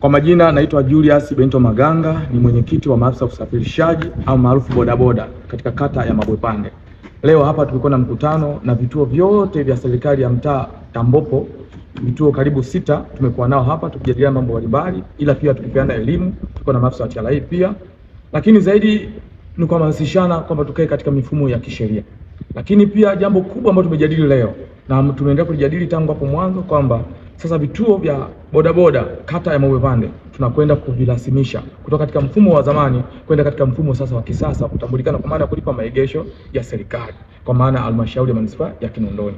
Kwa majina naitwa Julius Bento Maganga, ni mwenyekiti wa maafisa usafirishaji au maarufu bodaboda katika kata ya Mabwepande. Leo hapa tulikuwa na mkutano na vituo vyote vya serikali ya mtaa Tambopo, vituo karibu sita tumekuwa nao hapa tukijadiliana mambo mbalimbali, ila pia tukipeana elimu. Tuko na maafisa wa TRA pia, lakini zaidi ni kuhamasishana kwamba tukae katika mifumo ya kisheria. Lakini pia jambo kubwa ambalo tumejadili leo na tumeendelea kulijadili tangu hapo mwanzo kwamba sasa vituo vya bodaboda kata ya Mawe Pande tunakwenda kuvilasimisha kutoka katika mfumo wa zamani kwenda katika mfumo sasa wa kisasa kutambulikana kwa maana ya kulipa maegesho ya serikali kwa maana halmashauri ya manispaa ya Kinondoni.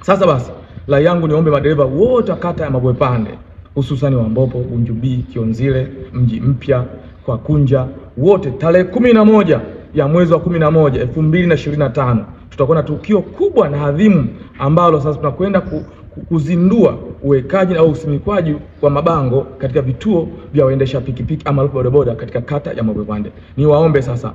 Sasa basi, la yangu niombe madereva wote wa kata ya Mawe Pande hususani wa Mbopo, Unjubi, Kionzile, Mji Mpya, kwa Kunja wote tarehe kumi na moja ya mwezi wa kumi na moja elfu mbili na ishirini na tano tutakuwa na tukio kubwa na adhimu ambalo sasa tunakwenda ku, kuzindua uwekaji au usimikwaji wa mabango katika vituo vya waendesha pikipiki ama bodaboda katika kata ya Mabwepande. Niwaombe sasa,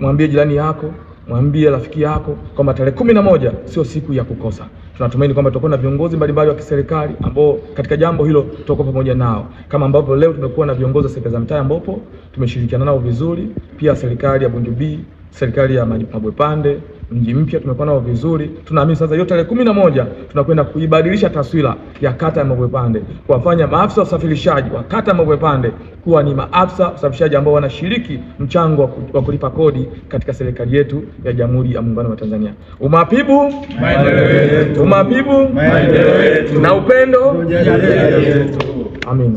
mwambie jirani yako mwambie rafiki yako kwamba tarehe kumi na moja sio siku ya kukosa. Tunatumaini kwamba tutakuwa na viongozi mbalimbali wa kiserikali ambao katika jambo hilo tutakuwa pamoja nao, kama ambavyo leo tumekuwa na viongozi wa serikali za mtaa ambapo tumeshirikiana nao vizuri, pia serikali ya Bunju B, serikali ya Mabwepande mji mpya tumekuwa nao vizuri. Tunaamini sasa hiyo tarehe kumi na moja tunakwenda kuibadilisha taswira ya kata ya Mabwepande, kuwafanya maafisa wa usafirishaji wa kata ya Mabwepande kuwa ni maafisa usafirishaji ambao wanashiriki mchango wa kulipa kodi katika serikali yetu ya Jamhuri ya Muungano wa Tanzania. Umapibu maendeleo yetu, umapibu maendeleo yetu, na upendo. Amina.